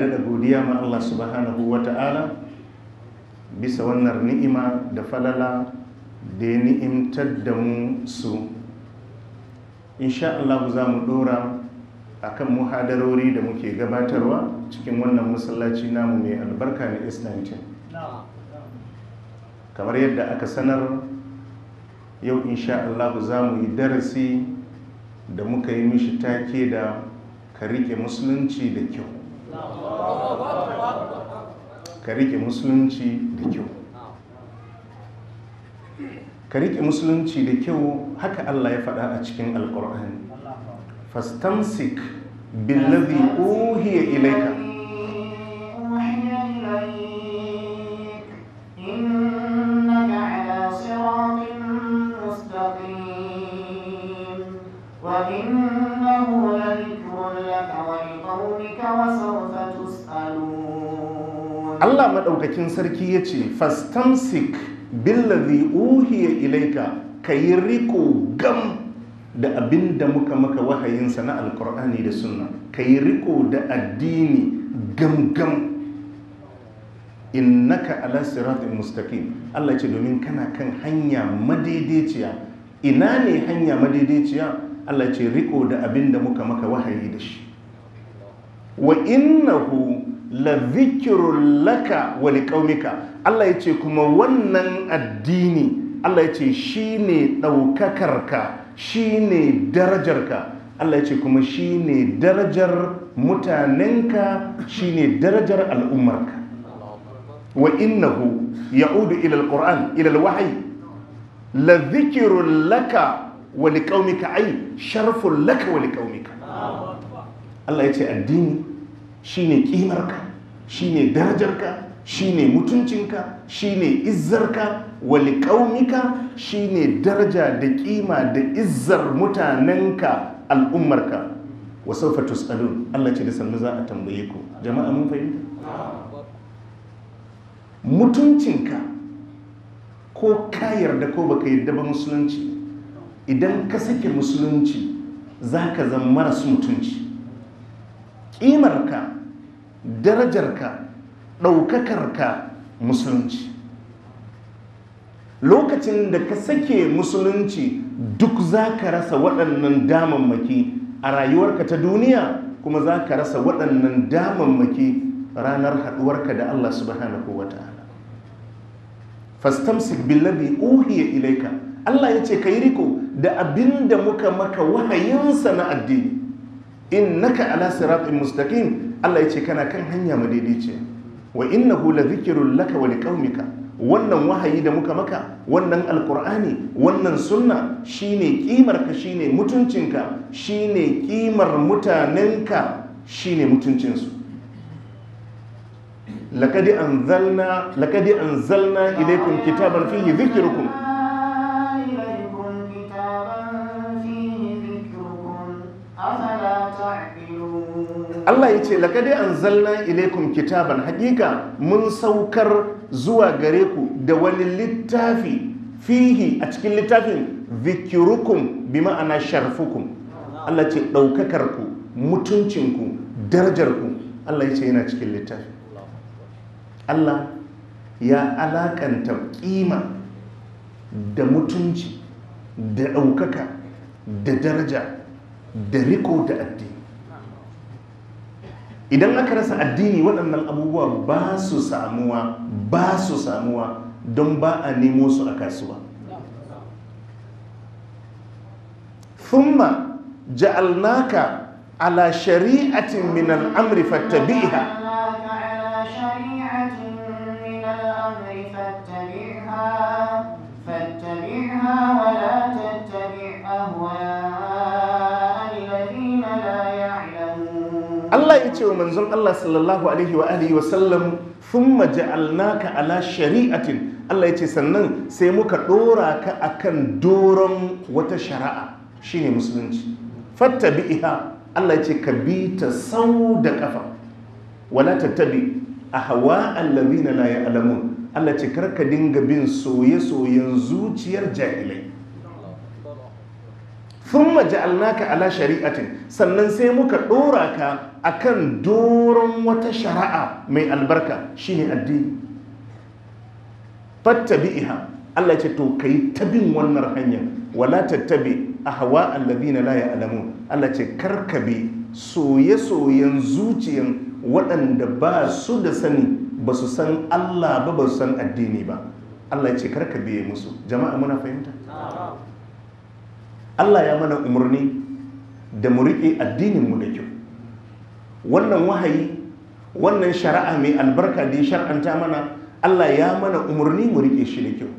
daɗa godiya ma Allah subhanahu wa ta'ala bisa wannan ni'ima da falala da ya ni'imtar da mu su insha Allah za mu ɗora a kan muhadarori da muke gabatarwa cikin wannan masallaci namu mai albarka na istantin kamar yadda aka sanar yau insha Allah za mu yi darasi da muka yi mishi take da ka rike musulunci da kyau ka rike musulunci da kyau ka rike musulunci da kyau haka Allah ya faɗa a cikin alƙur'ani fastamsik billazi uhiya ilaika maɗaukakin sarki ya ce fastamsik billazi uhiya ilaika ka yi riko gam da abin da muka maka wahayinsa na alkur'ani da sunna ka yi riko da addini gam gam innaka ala siratin mustaqim Allah ce domin kana kan hanya madaidaiciya ina ne hanya madaidaiciya Allah ce riko da abin da muka maka wahayi da shi wa innahu la zikirun laka wa liƙaunika Allah ya ce kuma wannan addini Allah ya ce shi ne ɗaukakarka shi ne darajarka Allah ya ce kuma shi ne darajar mutanenka shi ne darajar al'ummarka wa innahu ya'udu ilal qur'an ila wahayi la zikirun laka wa liƙaunika ai sharfun laka wa liƙaunika Allah ya ce addini shine kimarka shine darajarka shine mutuncinka shine izzarka wali ƙaunika shine daraja da kima da izzar mutanenka al'ummarka wasu fatus alun Allah ce da sannu za a tambaye ku jama'a mun fahimta mutuncinka ko ka yarda ko baka yarda ba musulunci idan ka sake musulunci za ka zama marasu mutunci ƙimarka darajarka ɗaukakarka musulunci lokacin da ka sake musulunci duk za ka rasa waɗannan damammaki a rayuwarka ta duniya kuma za ka rasa waɗannan damammaki ranar haɗuwarka da Allah subhanahu wa ta'ala fastamsik billabi uhiya ilaika Allah ya ce ka yi riko da abin da muka maka wahayinsa na addini innaka ala in mustaƙin Allah ya ce kana kan hanya ce. wa na hula zikirun laka wani kaunika? wannan wahayi da muka maka wannan alkur'ani wannan sunna shine kimar ka shine mutuncinka shine kimar mutanenka shine mutuncinsu لقد أنزلنا لقد أنزلنا إليكم كتابا فيه ذكركم Allah ya ce lakadai an zalna ilaikum kitaban hakika mun saukar zuwa gare ku da wani littafi fihi a cikin littafin vikirukum bi ma'ana sharfukum Allah ce ku mutuncinku ku. Allah ya ce yana cikin littafi Allah ya alakanta kima da mutunci da ɗaukaka da daraja da riko da addini idan aka rasa addini waɗannan abubuwa ba su samuwa ba su samuwa don ba a nemo su a kasuwa thumma ja'alnaka ala shari'atin min al'amri fattabi'ha ya ce wa manzon Allah sallallahu alaihi wa alihi wa sallam ja'alnaka ala shari'atin Allah ya ce sannan sai muka ɗora ka akan doron wata shari'a shine musulunci iha Allah ya ce ka bi ta sau da kafa wala tattabi ahwa allazina la ya'lamun Allah ce karka dinga bin soye-soyen zuciyar jahilai sun maja'alnaka ala shari'atin sannan sai muka ɗora ka akan doron wata shari'a mai albarka shine addini iha, Allah ce to kai tabin wannan hanyar wala tattabi ahwa alladhina la ya'lamun Allah ce bi soye-soyen zuciyan waɗanda ba su da sani ba su san Allah ba ba su san addini ba Allah ce karkabe musu jama'a muna fahimta Allah ya mana umarni da mu riƙe addininmu da kyau wannan wahayi wannan shari'a mai albarka da ya shar'anta mana Allah ya mana umarni mu riƙe shi da kyau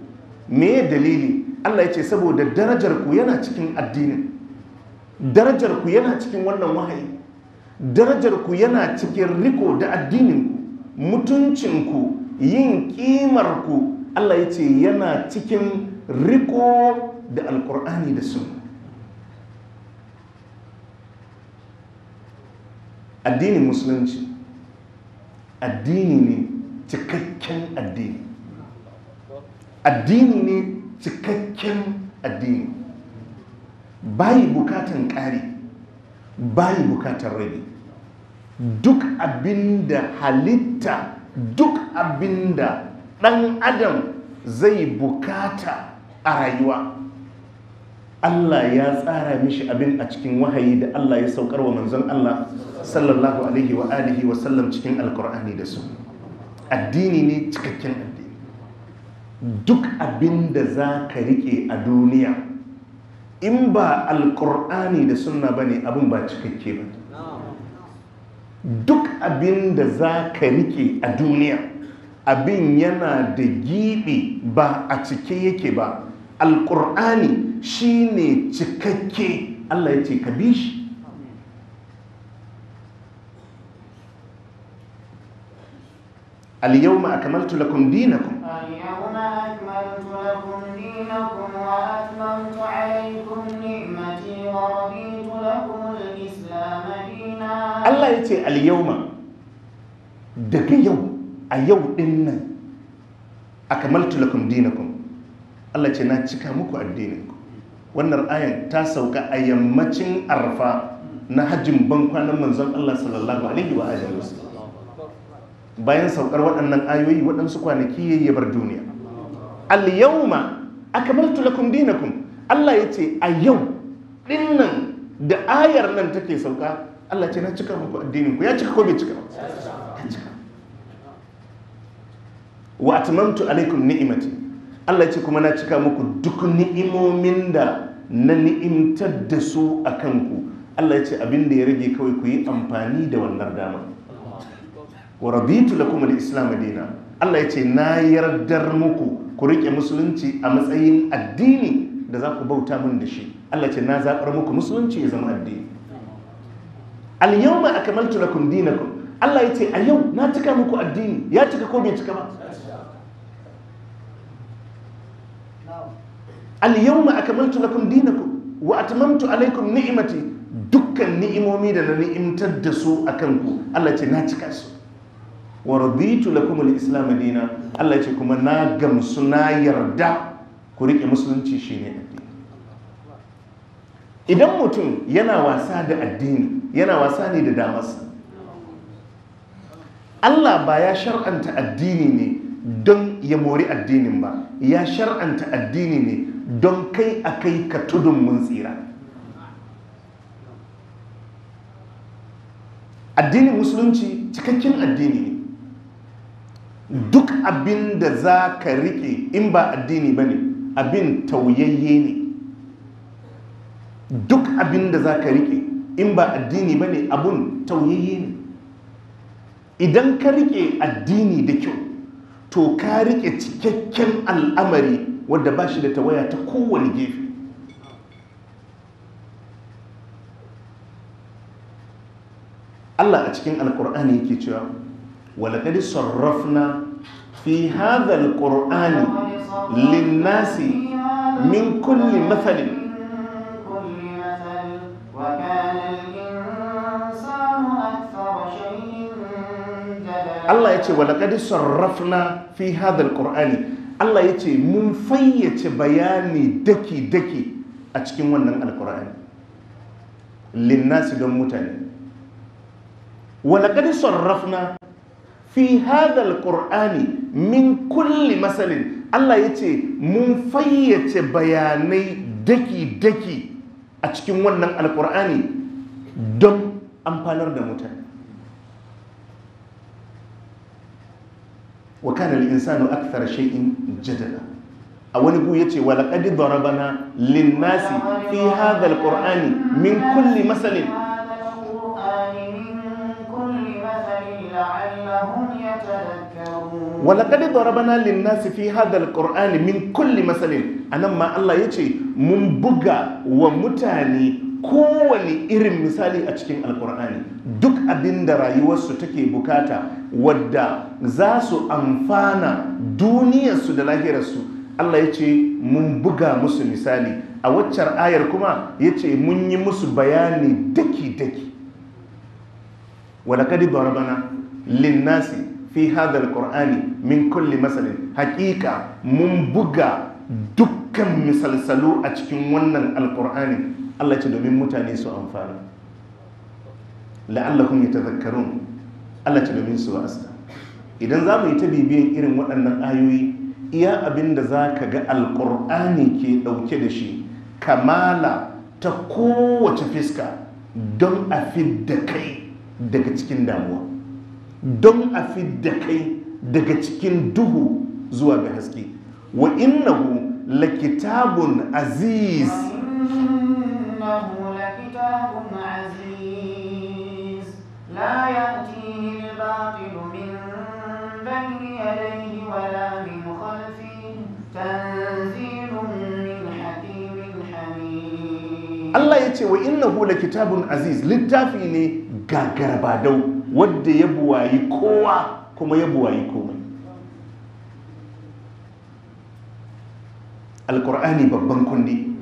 me dalili Allah ya ce saboda darajar ku yana cikin addinin darajar ku yana cikin wannan wahayi darajar ku yana cikin riko da addinin mutuncin ku yin kimar ku Allah ya ce yana cikin riko da alkur'ani da sunna Addini musulunci addini ne cikakken addini addini ne cikakken addini bayi bukatan ƙari bayi bukatan rabi duk abinda halitta duk abinda ɗan adam zai bukata a rayuwa Allah ya tsara mishi abin a cikin wahayi da Allah ya saukar wa manzon Allah sallallahu alaihi wa alihi wa sallam cikin alkur'ani da su addini ne cikakken addini duk abin da za ka rike a duniya in ba alkur'ani da sunna ba ne abin ba cikakke ba duk abin da za ka rike a duniya abin yana da giɓi ba a cike yake ba alkur'ani shi ne cikakke Allah ya ce ka bi shi aliyau ma a kamar tulakun dinakun Allah ya ce aliyau ma daga yau a yau dinnan a kamar tulakun dinakun Allah ce na cika muku addinin ku. wannan ayan ta sauka a yammacin arfa na hajjin bankwanan manzon Allah sallallahu alaihi wa bayan saukar waɗannan ayoyi waɗansu kwanaki yayi ya bar duniya al yawma akmaltu lakum dinakum Allah ya ce a yau ɗinnan da ayar nan take sauka Allah ce na cika muku addinin ya cika ko bai cika ba wa atmamtu alaikum ni'imati Allah ce kuma na cika muku duk ni'imomin da na ni'imtar da su a kanku Allah ya ce abin da ya rage kawai ku yi amfani da wannan dama wa rabitu lakum al-islam dina Allah ya ce na yardar muku ku rike musulunci a matsayin addini da za ku bauta min da shi Allah ya ce na zabar muku musulunci ya zama addini al-yawma akmaltu lakum dinakum Allah ya ce a yau na cika muku addini ya cika ko bai cika ba al-yawma akmaltu lakum dinakum wa atmamtu alaikum ni'mati dukkan ni'imomi da na ni'imtar da su akan ku Allah ce na cika su wa raditu lakum al-islam dinan Allah ce kuma na gamsu na yarda ku rike musulunci shine addini idan mutum yana wasa da addini yana wasa ne da damas Allah ba ya shar'anta addini ne don ya mori addinin ba ya shar'anta addini ne don kai a kai ka tudun mun tsira addinin musulunci cikakken addini ne duk abin da za ka riƙe in ba addini ba ne abin tauyayye ne duk abin da za ka riƙe in ba addini ba ne abin tauyayye ne idan ka riƙe addini da kyau to ka riƙe cikakken al'amari wadda ba shi da tawaya ta kowane gefe Allah a cikin alkur'ani yake cewa walakadi sarrafna fi hadha alkur'ani linnasi min kulli mathalin Allah ya ce walakadi sarrafna fi hadha alkur'ani Allah ya ce mun fayyace bayani daki-daki a cikin wannan alkur'ani linnasi don mutane walaƙar sarrafna fi hada alkur'ani min kulli masalin Allah ya ce mun fayyace bayanai daki-daki a cikin wannan alkur'ani don amfanar da mutane wa kana al-insanu akthara shay'in jadala a wani gu yace wa laqad darabana lin-nasi fi hadha al-qur'ani min kulli masalin walaƙadi darabana nasi fi hadal qur'ani min kulli masalin anan ma Allah yace mun buga wa mutane kowane irin misali a cikin alkur'ani duk abin da rayuwarsu take bukata wadda za su amfana duniyarsu da lahirarsu Allah ya ce mun buga musu misali a waccar ayar kuma ya ce mun yi musu bayani daki-daki wadakadi barbana linnasi fi hadar Kur'ani min kulli masalin hakika mun buga dukkan misalsalu a cikin wannan alkur'ani Allah ce domin mutane su amfani la'allakum yatadhakkarun Allah ce domin su wa'asta idan za mu yi ta bibiyan irin waɗannan ayoyi iya abin da za ka ga alƙur'ani ke ɗauke da shi kamala ta kowace fiska don a da kai daga cikin damuwa don a da kai daga cikin duhu zuwa ga haske wa innahu lakitabun aziz إنه لكتاب عزيز لا يأتيه الباطل من بين يديه ولا من خلفه تنزيل من حكيم حميد الله يتي وإنه لكتاب عزيز للتافي لي غاغربادو ود يبواي كوا كما يبواي كومي القرآن ببنكني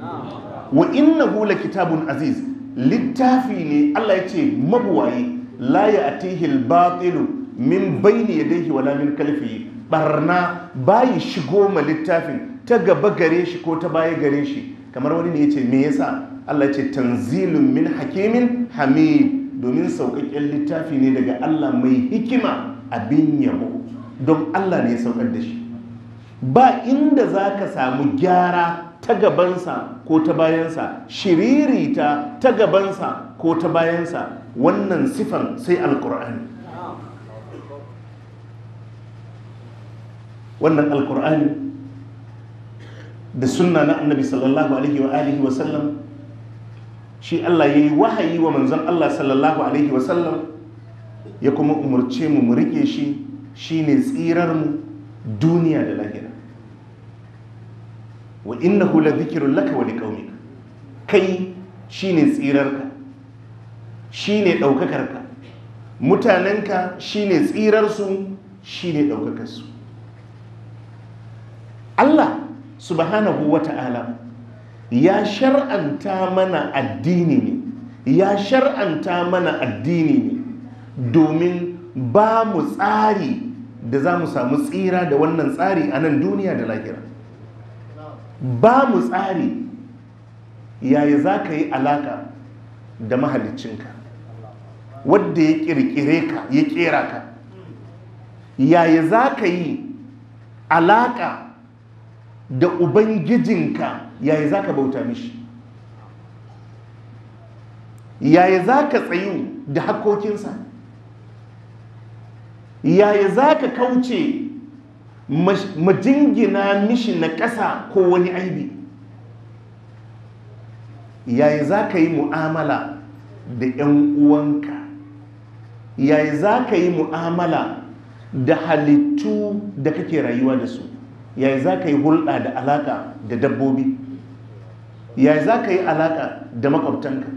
kundi wa hula kitabun aziz littafi ne Allah ya ce mabuwaye. la ya al-batil min bayni yadayhi wala min kalfihi barna bayi shigo ma littafin ta gaba gare shi ko ta baya gare shi kamar wani ne yace me yasa Allah ya ce tanzilun min hakimin hamid domin saukakken littafi ne daga Allah mai hikima abin yabo don Allah ne ya saukar da shi ba inda zaka samu gyara ta gabansa ko ta bayansa shiririta ta gabansa ko ta bayansa wannan sifan sai alkur'ani wannan alkur'ani da sunna na annabi sallallahu alaihi wa alihi wa sallam shi Allah ya yi wahayi wa manzon Allah sallallahu alaihi wa sallam ya kuma umarce mu mu rike shi shine tsirar mu duniya da lahira wa innahu zikirun laka wa liqaumika kai shine tsirarka shine daukakarka mutanenka shine tsirarsu shine daukakarsu Allah subhanahu wata'ala ya shar'anta mana addini ne ya shar'anta mana addini ne domin ba mu tsari da za mu samu tsira da wannan tsari a nan duniya da lahira ba mu tsari yayi za ka yi alaka da mahalicinka wadda ya kirkire ka ya kera ka yayi za ka yi alaka da ubangijinka yayi za ka bauta mishi yayi za ka tsayu da hakokinsa yayi za ka kauce majingina mishi na ƙasa ko wani aibi yayi za ka yi mu'amala da 'yan uwanka yayi za ka yi mu'amala da halittu da kake rayuwa da su yayi za ka yi hulɗa da alaƙa da dabbobi yayi za ka yi alaƙa da makwabtanka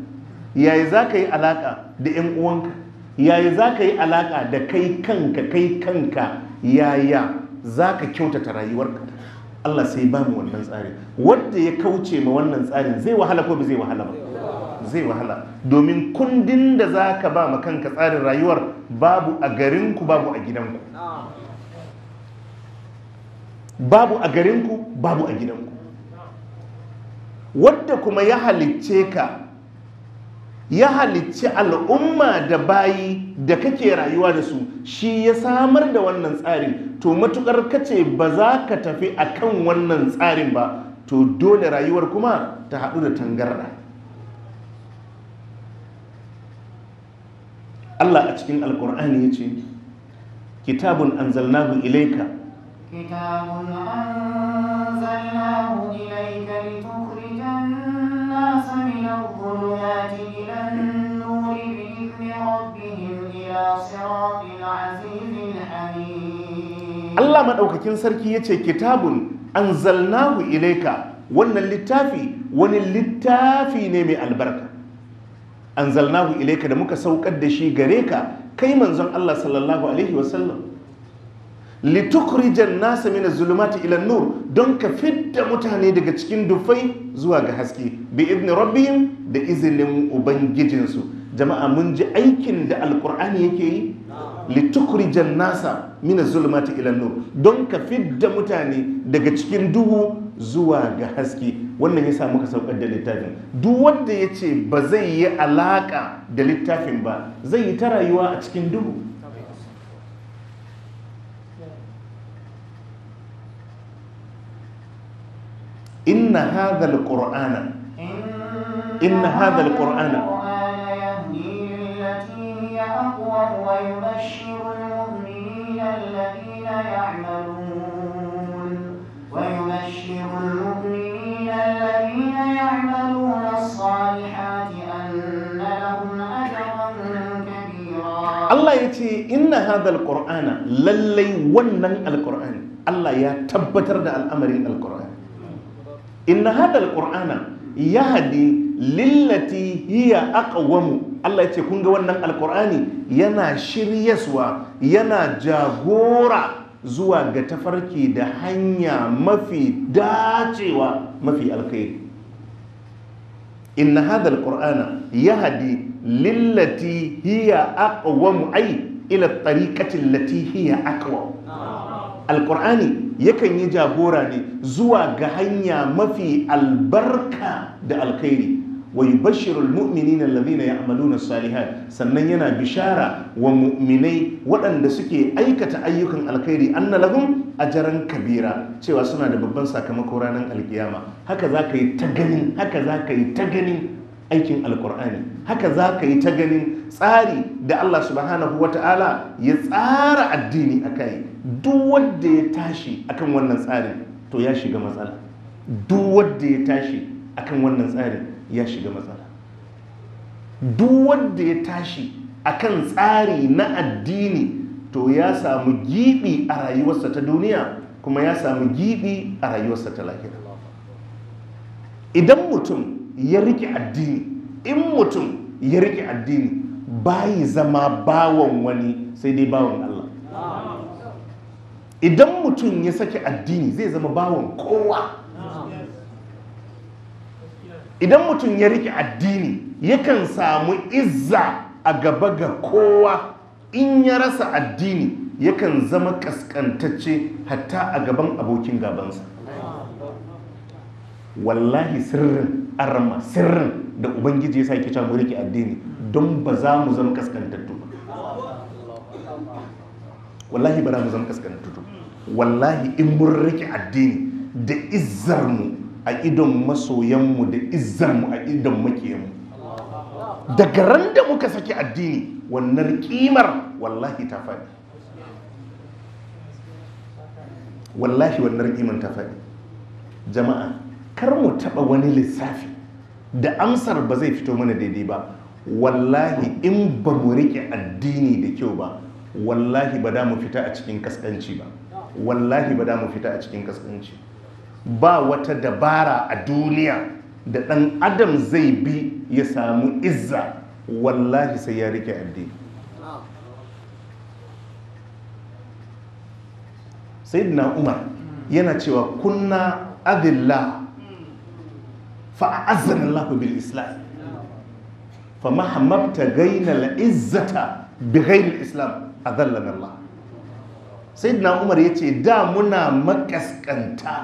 yayi za ka yi alaƙa da 'yan uwanka yayi za ka yi alaƙa da kai kanka kai kanka yaya za ka kyautata rayuwarka Allah sai ba mu wannan tsarin wanda ya kauce ma wannan tsarin zai wahala ko ba zai wahala ba zai wahala domin kundin da za ka ba ma kanka tsarin rayuwar babu a garinku babu a gidanku babu a garinku babu a gidanku wadda kuma ya halicce ka ya halicci al'umma da bayi da kake rayuwa da su shi ya samar da wannan tsarin to matukar kace ba za ka tafi akan wannan tsarin ba to dole rayuwar kuma ta haɗu da tangarda Allah a cikin alkur'ani ya ce kitabun anzalnahu ilaika kitabun Allah maɗaukakin sarki ya ce kitabun Anzalnahu كتاب wannan littafi wani littafi ne mai albarka anzalnahu ileka da muka saukar da shi gare ka kai manzon Allah sallallahu alaihi wasallam litukhrijan nasa mina zulumati ila nur don ka fidda mutane daga cikin dufai zuwa ga haske bi ibn rabbi da izinin ubangijinsu jama'a mun ji aikin da alkur'ani yake yi litukuri nasa mina zulmati ilan nur don ka fidda mutane daga cikin duhu zuwa ga haske wannan yasa muka saukar da littafin duk wanda ya ce ba zai yi alaka da littafin ba zai yi ta rayuwa a cikin duhu inna hadha alqur'ana وهو يبشر المؤمنين الذين يعملون ويبشر المؤمنين الذين يعملون الصالحات أن لهم أجرا كبيرا الله يتي إن هذا القرآن للي ونن القرآن الله يتبتر الأمر القرآن إن هذا القرآن yahdi lillati hiya aqwamu Allah yace kun ga wannan alqur'ani yana shiryaswa yana jagora zuwa ga tafarki da hanya mafi dacewa mafi alkhairi inna hadha alqur'ana yahdi lillati hiya aqwamu ay ila tariqati allati hiya aqwam alkur'ani yakan yi jagora ne zuwa ga hanya mafi albarka da alkhairi wa lalina ya amalu na salihat sannan yana bishara wa mu'minai waɗanda suke aikata ayyukan alkhairi anna ajaran kabira cewa suna da babban sakamako ranar alkiyama haka za yi haka zaka yi ta gani. aikin alkur'ani haka za ka yi ta ganin tsari da allah subhanahu wa ta'ala ya tsara addini a kai duk ya tashi akan wannan tsarin to ya shiga matsala duk ya tashi akan wannan tsarin ya shiga matsala duk wanda ya tashi akan tsari na addini to ya samu gibi a rayuwarsa ta duniya kuma ya samu gibi a rayuwarsa ta lahira idan mutum ya rike addini in mutum ya rike addini bayi zama bawon wani sai dai bawan Allah idan mutum ya sake addini zai zama bawan kowa idan mutum ya rike addini yakan samu izza a gaba ga kowa in ya rasa addini yakan zama kaskantacce hatta a gaban abokin gabansa wallahi sirrin arma sirrin da ubangiji ya sa yake cewa mu rike addini don ba za mu zama kaskantattu ba wallahi ba za mu zama kaskantattu wallahi in mun rike addini da izzarmu a idon masoyanmu da izzarmu a idon makiyanmu daga ran da muka saki addini wannan kimar wallahi ta faɗi wallahi wannan kimar ta faɗi jama'a kar mu taɓa wani lissafi da amsar ba zai fito mana daidai ba wallahi in ba mu riƙe addini da kyau ba wallahi ba da mu fita a cikin kaskanci ba wallahi ba da mu fita a cikin kaskanci ba wata dabara a duniya da ɗan adam zai bi ya samu izza wallahi sai ya riƙe addini sayyidina umar yana cewa kunna adillah fa azana Allah bil islam fa mahammabta gaina laizzata izzata bi ghairi islam azallana Allah sayyidina Umar ce, da muna makaskanta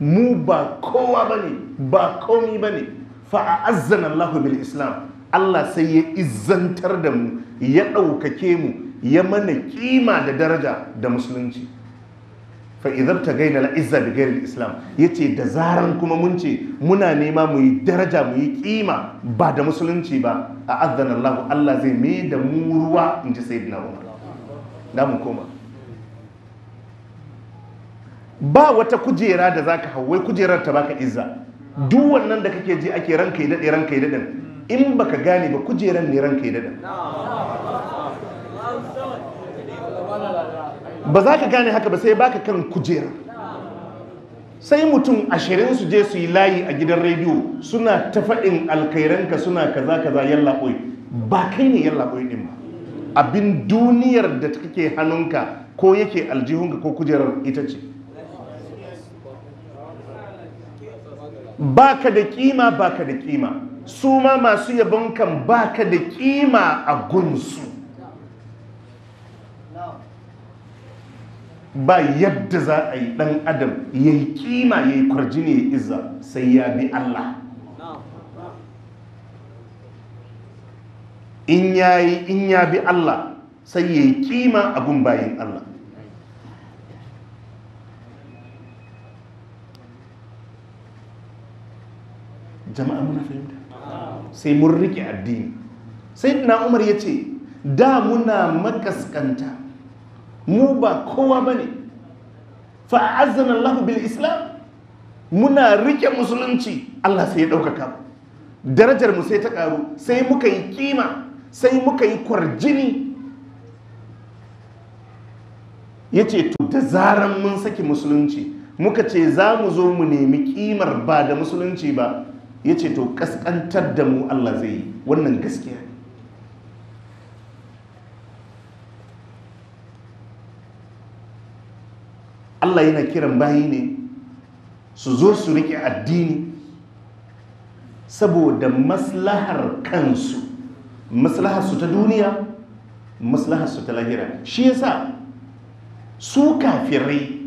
mu ba kowa ne, ba komi bane fa azana Allah bil islam Allah sai ya izzantar da mu ya ɗaukake mu ya mana kima da daraja da musulunci fa idan ta gaina la izza bi gairil islam yace da zaran kuma mun ce muna nema mu yi daraja mu yi kima ba da musulunci ba a azana Allah Allah zai mai da mu ruwa in ji sayyidina Umar na mu koma ba wata kujera da zaka hawai kujerar ta baka izza duk wannan da kake ji ake ranka yi dade ranka yi in baka gane ba kujerar ne ranka yi ba za ka gane haka ba sai baka kan kujera sai mutum ashirin su je su yi layi a gidan rediyo suna ta faɗin alkairanka suna kaza kaza yalla ba kai ne yalla ɓoyi ɗin ba abin duniyar da kake hannunka ko yake aljihunka ko kujerar ita ce baka da kima baka da kima su ma masu yabon kan baka da kima a gunsu ba yadda za a yi dan adam ya yi kima ya yi kwarjini ya izza sai ya bi Allah in ya yi in ya bi Allah sai ya yi kima abun bayan Allah jama'a muna fahimta sai mun rike addini sai na umar ya ce da muna makaskanta mu ba kowa ba ne fa'azzanan Allah bil islam muna rike musulunci Allah sai ya ɗaukaka darajar mu sai ta ƙaru sai muka yi kima sai muka yi kwarjini ya ce to da zaran mun saki musulunci muka ce za mu zo mu nemi kimar ba da musulunci ba ya ce to ƙasƙantar da mu Allah zai yi wannan gaskiya Allah yana kiran bayi ne su zo su rike addini saboda maslahar kansu maslahar su ta duniya maslahar su ta lahira shi yasa su kafirai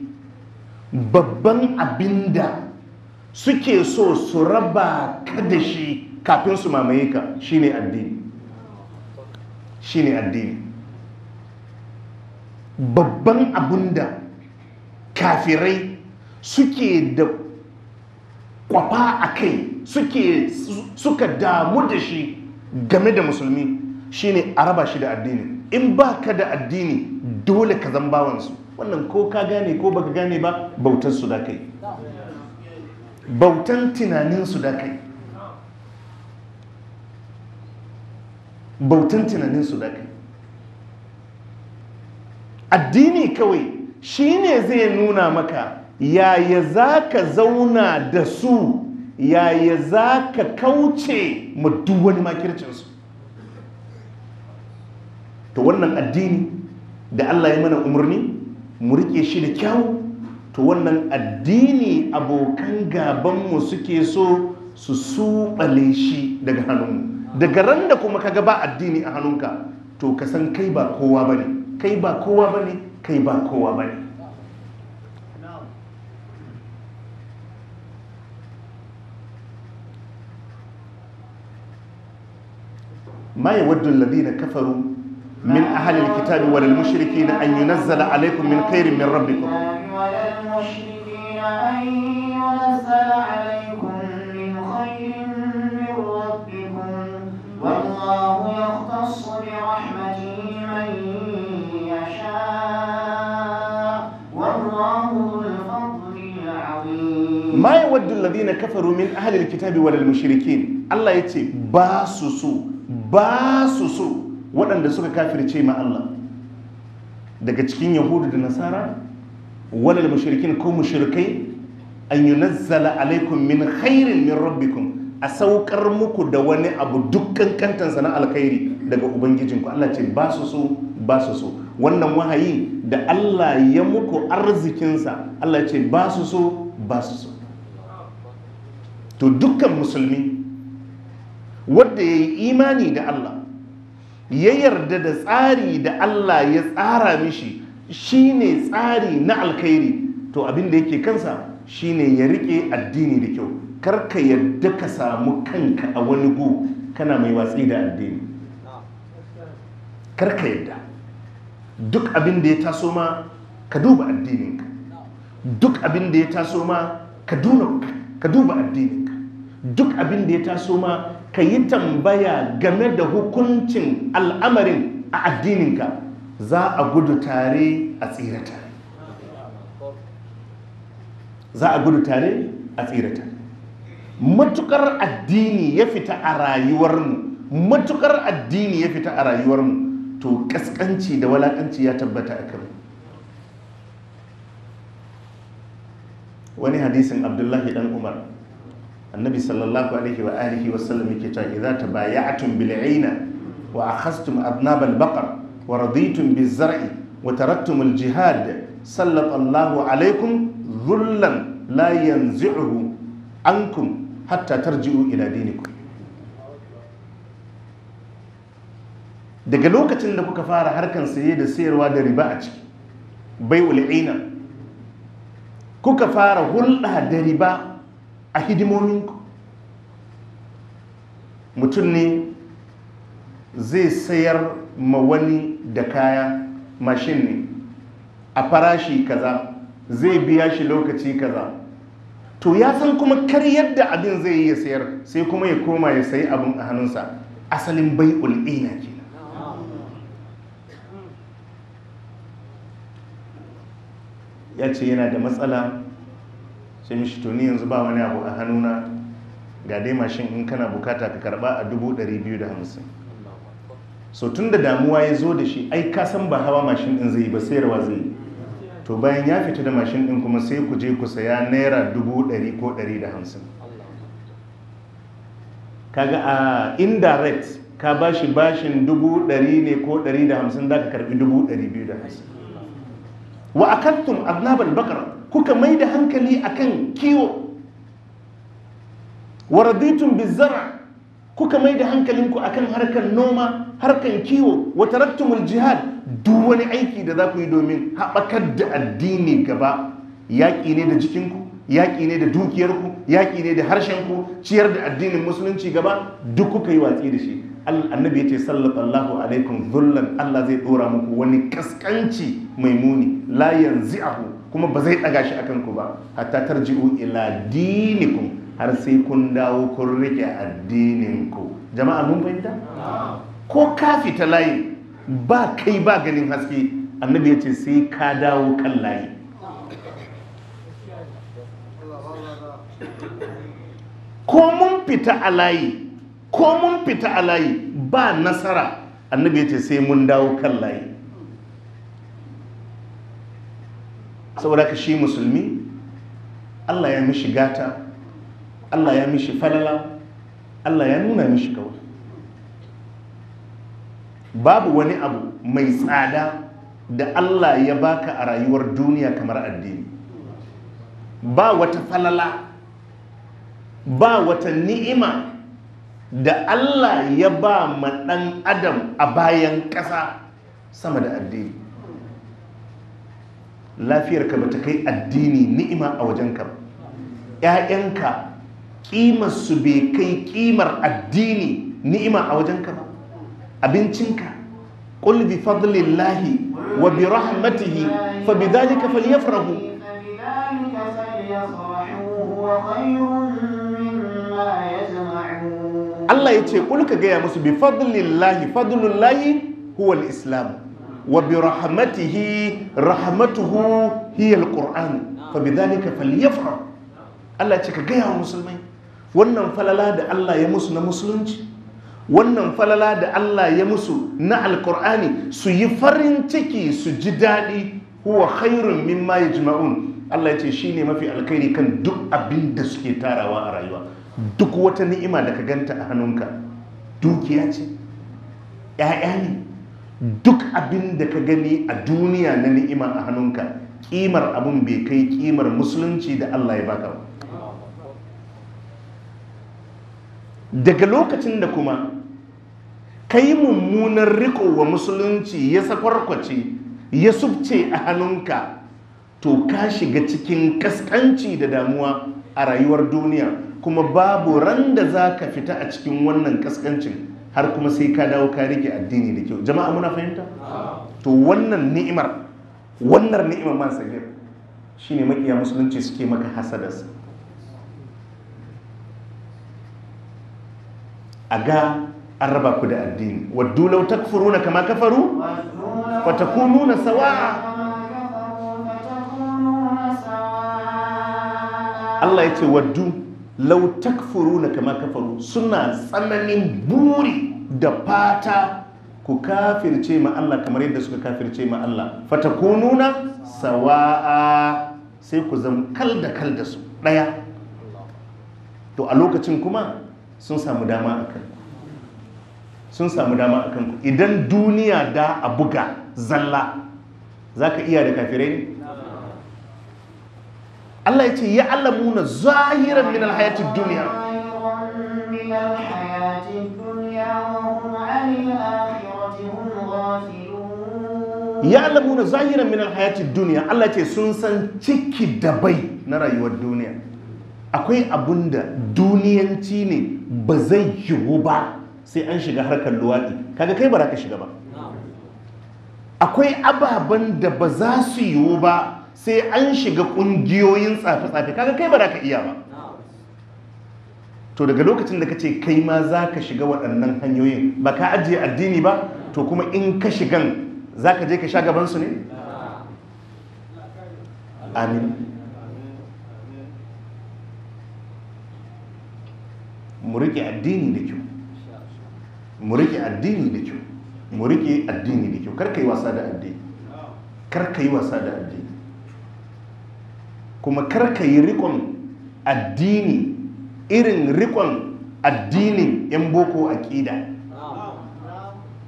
babban abinda suke so su raba ka shi kafin su mamaye ka shine addini shine addini babban abinda kafirai suke da kwafa a kai suke suka damu da shi game da musulmi shine a raba shi da addini in ba ka da addini dole ka zan bawansu wannan ko ka gane ko baka gane ba bautan su da kai bautan tunanin su da kai bautan tunanin su da kai addini kawai shi ne zai nuna maka yaya za ka zauna da su yaya za ka kauce ma wani makircinsu to wannan addini da Allah ya mana umarni mu rike shi da kyau to wannan addini abokan gabanmu suke so su suɓale shi daga hannunmu daga ran da kuma kaga ba addini a hannunka to ka san kai ba kowa ba ne. kai ba kowa ba ne. kai ba kowa ba ما يود الذين كفروا من أهل الكتاب وللمشركين أن ينزل عليكم من خير من ربكم وللمشركين أن ينزل عليكم من خير من ربكم والله يختص برحمته ma yawaddu Ladina kafaru min ahalil kitabi wa mushrikin Allah ya ce ba su so ba su so waɗanda suka kafirce ma Allah daga cikin yahudu da nasara wa mushrikin ko mushrikai an yunazzala alaikum min khairin min rabbikum a saukar muku da wani abu dukkan kantansa na alkhairi daga ubangijinku Allah ce ba su so ba su so wannan wahayi da Allah ya muku arzikinsa Allah ce ba su so ba su so to dukkan musulmi wadda ya yi imani da Allah ya yarda da tsari da Allah ya tsara mishi shine tsari na alkhairi to abinda yake kansa shine ya rike addini da kyau karka yarda ka samu kanka a wani gu kana mai watsi da addini karka yarda duk abin da ya taso ma ka duba addininka duk abin ya taso ma ka duba addininka duk abin da ya taso ma ka yi tambaya game da hukuncin al'amarin a addininka za a gudu tare a tsirata za a gudu tare a tsirata matukar addini ya fita a rayuwarmu matukar addini ya fita a rayuwarmu to kaskanci da walakanci ya tabbata a kan wani hadisin abdullahi dan umar annabi sallallahu alaihi wa alihi wa sallam yake cewa idza tabaya'tum bil aina wa akhastum abnab al baqar wa raditum biz zar'i wa taraktum al jihad sallata Allahu alaikum dhullan la yanzi'uhu ankum hatta tarji'u ila dinikum daga lokacin da kuka fara harkan saye da sayarwa da riba a ciki bai ul'ina kuka fara hulɗa da riba a hidimominku mutum ne zai sayar ma wani da kaya mashin ne a farashi kaza zai biya shi lokaci kaza to ya san kuma kar yadda abin zai yi ya sayar sai kuma ya koma ya sayi abin a hannunsa asalin bai ul'ina ke ya ce yana da matsala sai mishi tuni yanzu ba wani abu a hannuna ga dai mashin in kana bukata ka karba a 250 so tun da damuwa ya zo da shi ai ka san ba hawa mashin in zai ba sayarwa zai to bayan ya fita da mashin din kuma sai ku je ku saya naira 100 ko 150 kaga a indirect ka bashi bashin 100 ne ko 150 za ka karbi 250 wa akattum abnabal bakar kuka mai da hankali akan kiwo waraditun bizara kuka mai da hankalinku akan harkar noma harkar kiwo wata raktumul jihad duk wani aiki da za ku yi domin haɓakar da addini gaba yaƙi ne da jikinku yaƙi ne da dukiyarku yaƙi ne da harshenku ciyar da addinin musulunci gaba duk kuka yi watsi da shi annabi ya ce sallallahu alaikum zullan allah zai ɗora muku wani kaskanci mai muni la yanzu kuma ba zai ɗaga shi a kanku ba hatta tarji'u ila dinikum har sai kun dawo kun rike addininku jama'a mun fahimta ko ka fita layi ba kai ba ganin haske annabi ya ce sai ka dawo kan layi ko mun fita a layi ko mun fita a layi ba nasara annabi ya ce sai mun dawo kan layi saboda ka shi musulmi Allah ya mishi gata Allah ya mishi falala Allah ya nuna mishi kawai babu wani abu mai tsada da Allah ya baka a rayuwar duniya kamar addini ba wata falala ba wata ni'ima da Allah ya ba ma ɗan adam a bayan ƙasa sama da addini lafiyarka ba ta kai addini ni'ima a wajenka ba ‘ya'yanka su bai kai ƙimar addini ni'ima a wajenka ba abincinka ƙul bi fadlillahi wa bi rahmatihi fa bi dalika falyafrahu Allah ya ce ƙul ka gaya musu bi fadlillahi fadlullahi huwal islam wa bi rahmatihi rahmatuhu hiya alquran fa bidhalika falyafrahu Allah ce ka gaya wa musulmai wannan falala da Allah ya musu na musulunci wannan falala da Allah ya musu na alkur'ani su yi farin ciki su ji daɗi huwa khairun mimma yajma'un Allah ya ce shine mafi alkhairi kan duk abin da suke tarawa a rayuwa duk wata ni'ima da ka ganta a hannunka dukiya ce 'ya'ya ne duk abin da ka gani a duniya na ni'ima a hannunka kimar abin bai kai kimar musulunci da Allah ya baka ba daga lokacin da kuma kai mummunan riko wa musulunci ya sakwarkwace ya sufce a hannunka to ka shiga cikin kaskanci da damuwa a rayuwar duniya kuma babu randa za ka fita a cikin wannan kaskancin har kuma sai ka dawo ka rike addini da kyau jama'a muna fahimta to wannan ni'imar wannan ni'imar man sagir shine makiya musulunci suke maka hasadas a ga an raba ku da addini waddu law takfuruna kama kafaru wa takununa sawa'a Allah ya ce waddu lau na kama kafaru suna tsananin buri da fata ku kafirce ma Allah kamar yadda suka kafirce ma Allah fatakununa sawa'a sai ku zama kal da kal da su ɗaya. to a lokacin kuma sun samu dama akan sun samu dama akan kan idan duniya da a buga zalla ka iya da kafirai Allah ya ce ya alamuna zahiran minal hayati duniya ya alamuna zahiran minal hayati duniya Allah ce sun san ciki da bai na rayuwar duniya akwai abun da duniyanci ne ba zai yiwu ba sai an shiga harkar luwaɗi kaga kai ba za ka shiga ba akwai ababen da ba za su yiwu ba sai an shiga ƙungiyoyin tsafi-tsafi kaga kai ba za ka iya ba to daga lokacin da ka ce kai ma za ka shiga waɗannan hanyoyin ba ka ajiye addini ba to kuma in ka shigan za ka je ka sha gabansu ne? amin Muriƙe addini da kyau Muriƙe addini da kyau Muriƙe addini da kyau karka yi wasa da addini karka yi wasa da addini kuma karka yi rikon addini irin rikon addinin 'yan boko aƙida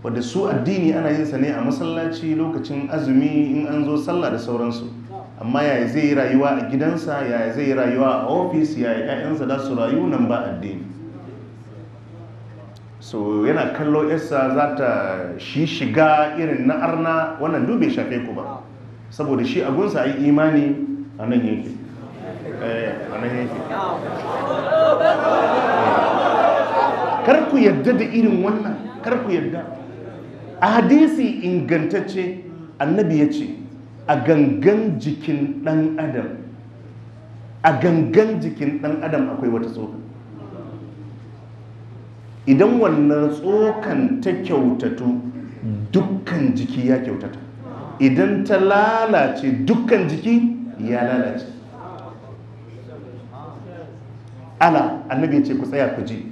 wadda su addini ana yin sa ne a masallaci lokacin azumi in an zo sallah da sauransu amma yaya zai yi rayuwa a gidansa yaya zai yi rayuwa a ofis yaya 'ya'yansa za su rayu nan ba addini so yana kallo yarsa za ta shi shiga irin na arna wannan dubai shafe ku ba saboda shi agunsa a yi imani a nan yake eh, a nan yake eh. kar ku yadda da irin wannan kar ku yadda a hadisi ingantacce annabi ya ce a gangan jikin ɗan adam a gangan jikin ɗan adam akwai wata tsoka idan wannan tsokan ta kyautatu dukkan jiki ya kyautata idan ta lalace dukkan jiki ya lalace ala annabi ce ku tsaya ku ji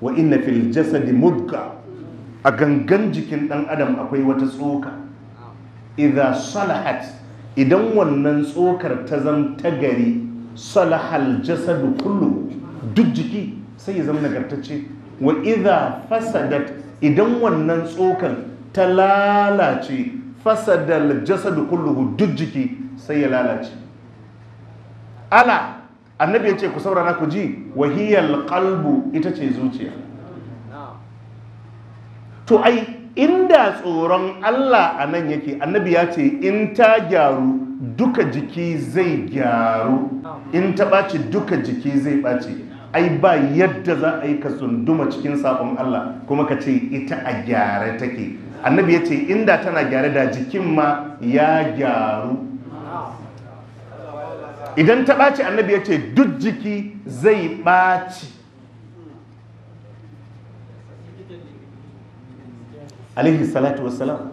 wa inna fil jasadi mudga a gangan jikin dan adam akwai wata tsoka idza salahat idan wannan tsokar ta zam ta gari salahal jasadu kullu duk jiki sai ya zama nagartacce wa idza fasadat idan wannan tsokar ta lalace fasadal jasadu kulluhu duk jiki sai ya lalace ala annabi ya ce ku saurara ku ji wahiyar kalbu ita ce zuciya to ai inda tsoron Allah a nan yake annabi ya ce in ta gyaru duka jiki zai gyaru in ta ɓaci duka jiki zai ɓaci ai ba yadda za a yi ka sunduma cikin sabon Allah kuma ka ce ita a gyara take annabi ya ce inda tana gyare da jikin ma ya gyaru idan ta ɓaci annabi ya ce duk jiki zai ɓaci alihi salatu wasalam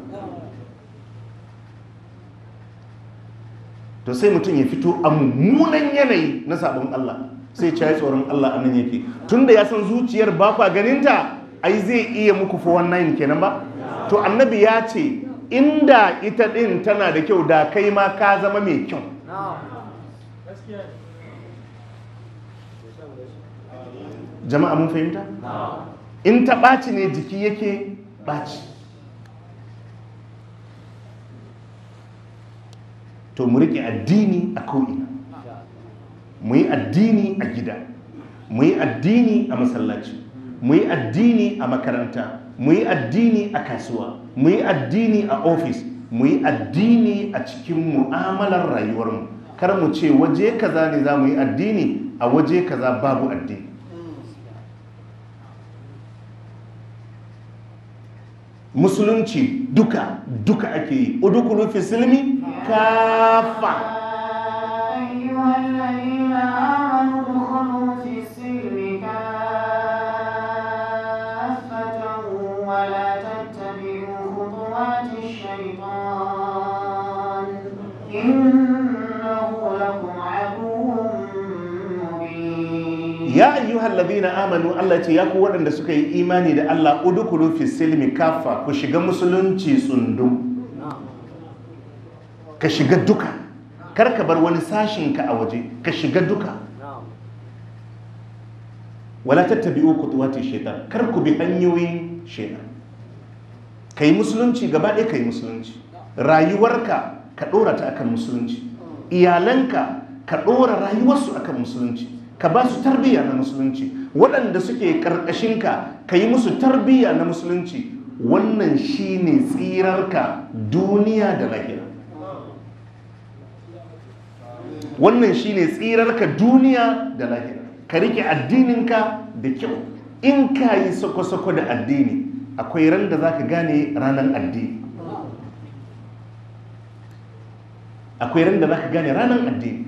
to sai mutum ya fito a mummunan yanayi na sabon Allah sai ya yi tsoron Allah a nan yake tunda ya san zuciyar ba ganinta ai zai iya muku 419 kenan ba to annabi ya ce inda ita ɗin tana da kyau da kai ma ka zama mai kyau jama'a mun fahimta? in ta ɓaci ne jiki yake ɓaci to mu riƙe addini a ko'ina mu yi addini a gida mu yi addini a masallaci mu yi addini a makaranta mu yi addini a kasuwa mu yi addini a ofis mu yi addini a cikin mu'amalar rayuwarmu kar mu ce waje kaza ne za mu yi addini a waje kaza babu addini musulunci duka duka ake yi udukulu fi silmi kafa ya ayyuhal ladina amanu Allah ce ya ku waɗanda suka yi imani da Allah udkhulu fi silmi kafa ku shiga musulunci tsundum ka shiga duka kar ka bar wani sashin ka a waje ka shiga duka wala tattabi'u khutuwati shaitan kar ku bi hanyoyin shaitan yi musulunci gaba ɗaya yi musulunci rayuwarka ka ɗora ta akan musulunci iyalanka ka ɗora rayuwarsu akan musulunci ka ba su tarbiyya na musulunci waɗanda suke ƙarƙashinka ka yi musu tarbiyya na musulunci wannan shi ne tsirarka duniya da lahira wannan shi ne tsirarka duniya da lahira ka rike addininka da kyau in ka yi sako-sako da addini akwai ran da za ka gane ranar addini akwai ran da za ka gane ranar addini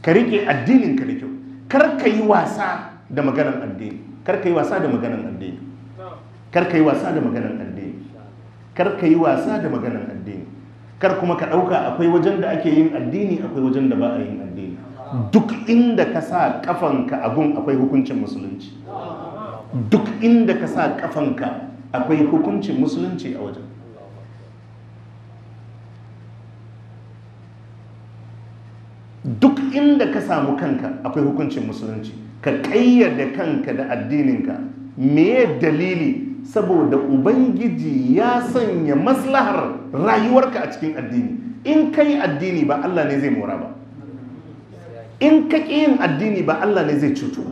ka rike addinin ka da karka yi wasa da maganan addini karka yi wasa da maganan addini karka yi wasa da maganan addini karka yi wasa da maganan addini kar kuma ka dauka akwai wajen da ake yin addini akwai wajen da ba a yin addini duk inda ka sa kafanka a gun akwai hukuncin musulunci duk inda ka sa kafanka akwai hukuncin musulunci a wajen duk inda ka samu kanka akwai hukuncin musulunci ka ƙayyade kanka da addininka me dalili saboda ubangiji ya sanya maslahar rayuwarka a cikin addini in ka yi addini ba allah ne zai mora ba in ka ƙi yin addini ba allah ne zai cutu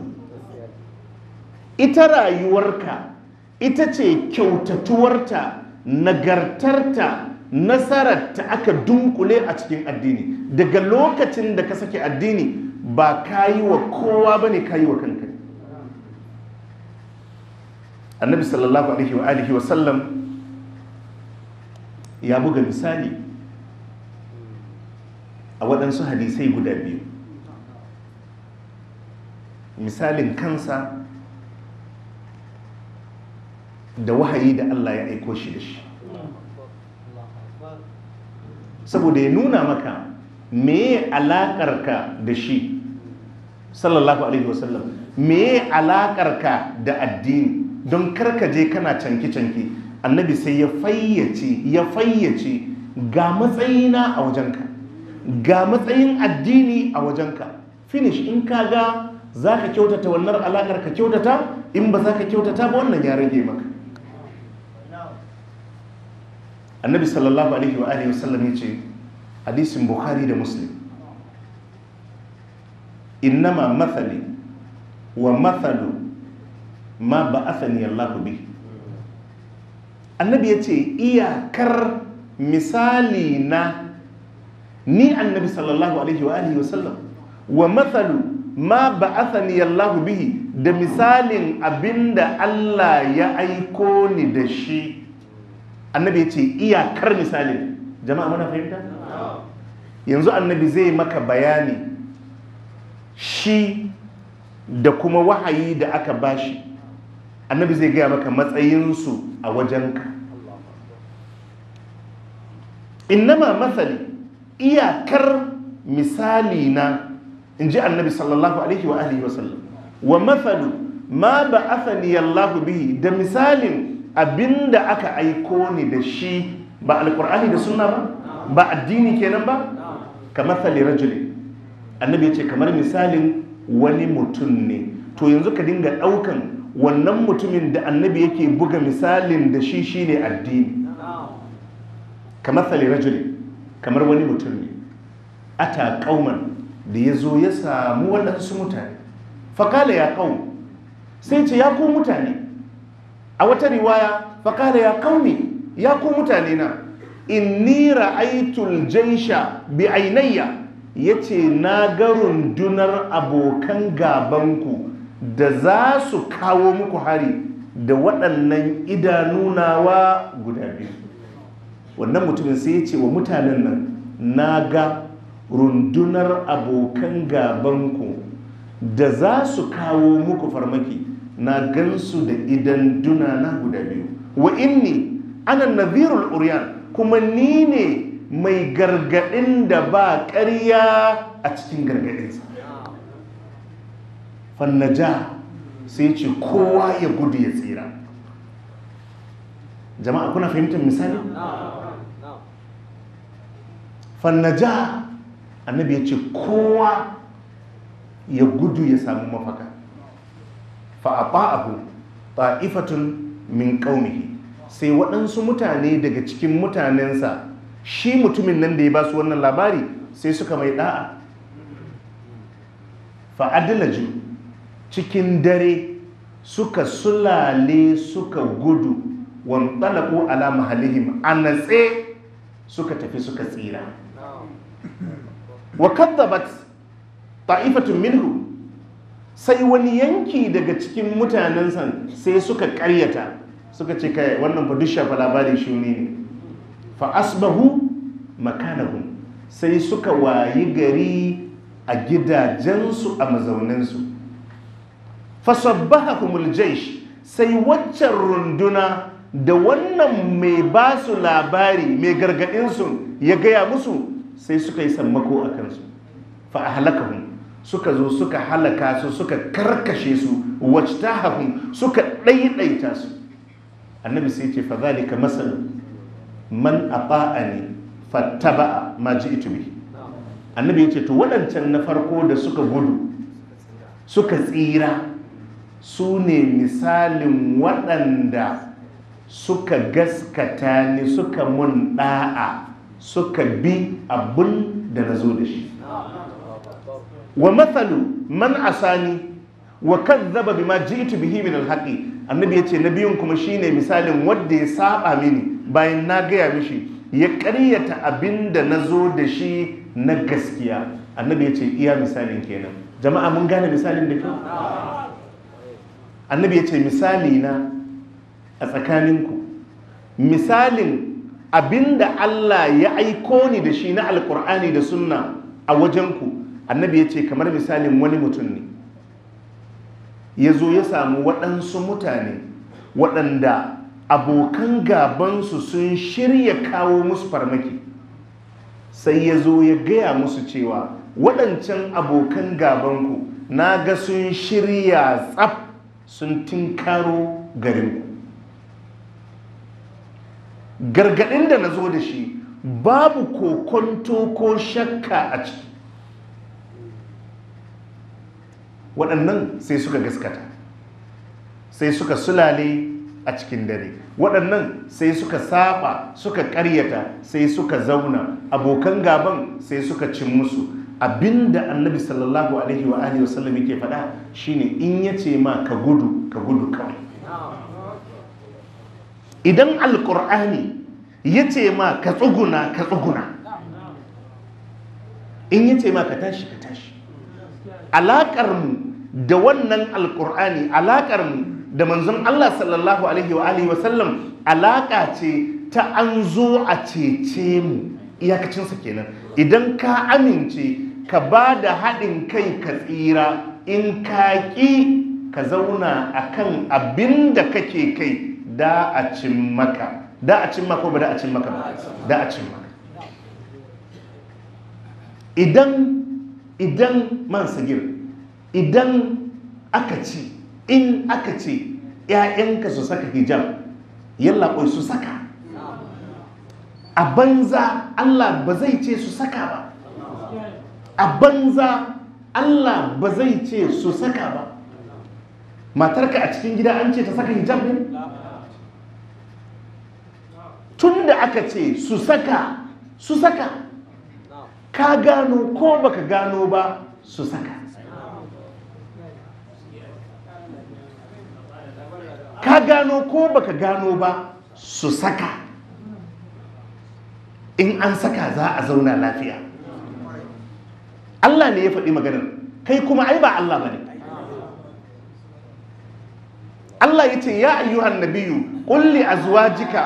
ita rayuwarka ita ce kyautatuwarta nagartarta nasarar ta aka dunkule a cikin addini daga lokacin da ka sake addini ba ka yi wa kowa ba ne ka yi wa kanka annabi sallallahu alaihi wa alihi wasallam ya buga misali a waɗansu hadisai guda biyu misalin kansa da wahayi da allah ya aiko shi da shi saboda ya nuna maka meye alaƙarka da shi sallallahu alaihi wasallam meye alaƙarka da addini don karka je kana canki-canki annabi sai ya fayyace ya fayyace ga matsayina a wajenka ga matsayin addini a wajenka finish in ka ga za ka kyautata wannan alaƙar ka kyautata in ba za ka kyautata ba wannan ya rage maka annabi sallallahu alaihi wa alihi wasallam yace hadisin bukhari da muslim innama mathali wa mathalu ma ba'athani Allah bi annabi yace iyakar misali na ni annabi sallallahu alaihi wa alihi wasallam wa mathalu ma ba'athani Allah bihi da misalin abinda Allah ya aiko ni da shi annabi ya ce iyakar misalin jama'a muna fahimta yanzu annabi zai maka bayani shi da kuma wahayi da aka bashi annabi zai gaya maka matsayinsu a wajenka innama matsali iyakar misali na in ji annabi sallallahu alaihi wa alihi wasallam wa matsalu ma ba asali yallahu bihi da misalin abinda aka aiko ni da shi ba alkur'ani da sunna ba ba addini kenan ba kamar tsali rajuli annabi ya ce kamar misalin wani mutum ne to yanzu ka dinga ɗaukan wannan mutumin da annabi yake buga misalin da shi shi ne addini kamar tsali rajuli kamar wani mutum ne ata kauman da ya zo ya samu waɗansu mutane fakala ya kawo sai ce ya ku mutane a wata riwaya faƙada ya kauni ya ku mutane na inni aitul jaisha bi ya ce na ga rundunar abokan gabanku da za su kawo muku hari da waɗannan idanunawa guda biyu wannan mutumin sai ya ce wa mutanen nan na ga rundunar abokan gabanku da za su kawo muku farmaki na gansu da idan duna na guda biyu wa inni ana nadhirul uryan kuma ni ne mai gargadin da ba karya a cikin gargadinsa fannaja sai ce kowa ya gudu ya tsira jama'a kuna fahimtar misali fannaja annabi ya ce kowa ya gudu ya samu mafaka fa ata'ahu ta'ifatun min ƙaunihi sai waɗansu mutane daga cikin mutanensa shi mutumin nan da ya ba su wannan labari sai suka mai ɗa’a fa'adilaju cikin dare suka sulale suka gudu ko alama halihim a natse suka tafi suka tsira wa kaddabat ta'ifatun minhu sai wani yanki daga cikin mutanensa sai suka karyata suka ce kai wannan fa dusha fa labarin shi ne fa asbahu makanahum sai suka wayi gari a gidajensu a mazauninsu fasabbahahumul jaysh sai waccan runduna da wannan mai ba su labari mai gargadinsu ya gaya musu sai suka yi sammako a kansu fa ahlakahum suka zo suka halaka su suka karkashe su hafi suka ɗaiɗaita su annabi sai ce fa zalika masalu man ata'ani fattaba'a ma ji'tu bi annabi yace to waɗancan na farko da suka gudu suka tsira su ne misalin waɗanda suka gaskata ni suka mun ɗa'a suka bi abun da na zo da shi wa mathalu man asani wa ma bima ji'tu bihi min al-haqi annabi yace na biyun kuma shine misalin wanda ya saba mini bayan na gaya mishi ya ƙaryata abinda zo da shi na gaskiya annabi yace iya misalin kenan jama'a mun gane misalin da kyau annabi yace misali na a tsakaninku misalin abinda Allah ya aiko ni da shi na alkur'ani da sunna a wajenku annabi ya ce kamar misalin wani mutum ne ya zo ya samu waɗansu mutane waɗanda abokan gabansu sun shirya kawo musu farmaki sai ya zo ya gaya musu cewa waɗancan abokan gabanku na ga sun shirya tsaf sun tinkaro garinku gargaɗin da na zo da shi babu kokonto ko shakka a ciki waɗannan sai suka gaskata sai suka sulale a cikin dare waɗannan sai suka saba suka ƙaryata sai suka zauna abokan gaban sai suka cin musu abinda annabi sallallahu alaihi wa alihi wasallam yake faɗa shine in ya ce ma ka gudu ka gudu kawai idan alkur'ani ya ce ma ka tsuguna ka tsuguna in ya ce ma ka tashi ka tashi alaƙarmu da wannan alƙur'ani alaƙarmu da manzon Allah sallallahu alaihi wa Alaihi wasallam alaƙa ce ta an zo a cece mu iyakacinsa kenan idan ka amince ka ba da haɗin kai ka tsira in ka ƙi ka zauna a kan abin da kake kai da a cin maka da a cin maka ba da a cin maka ba da a cin maka idan idan man sigir idan aka ci in aka ce ‘ya'yanka su saka hijab yalla ƙwai su saka a banza Allah ba zai ce su saka ba a banza Allah ba zai ce su saka ba matarka a cikin gida an ce ta saka hijab ne? tun da aka ce su saka su saka ka gano ko baka gano ba su saka ka gano ko baka gano ba su saka in an saka za a zauna lafiya Allah ne ya faɗi maganar kai kuma ai ba Allah ba ne Allah ya ce ya ayyuhan nabiyu ƙulli a zuwa jika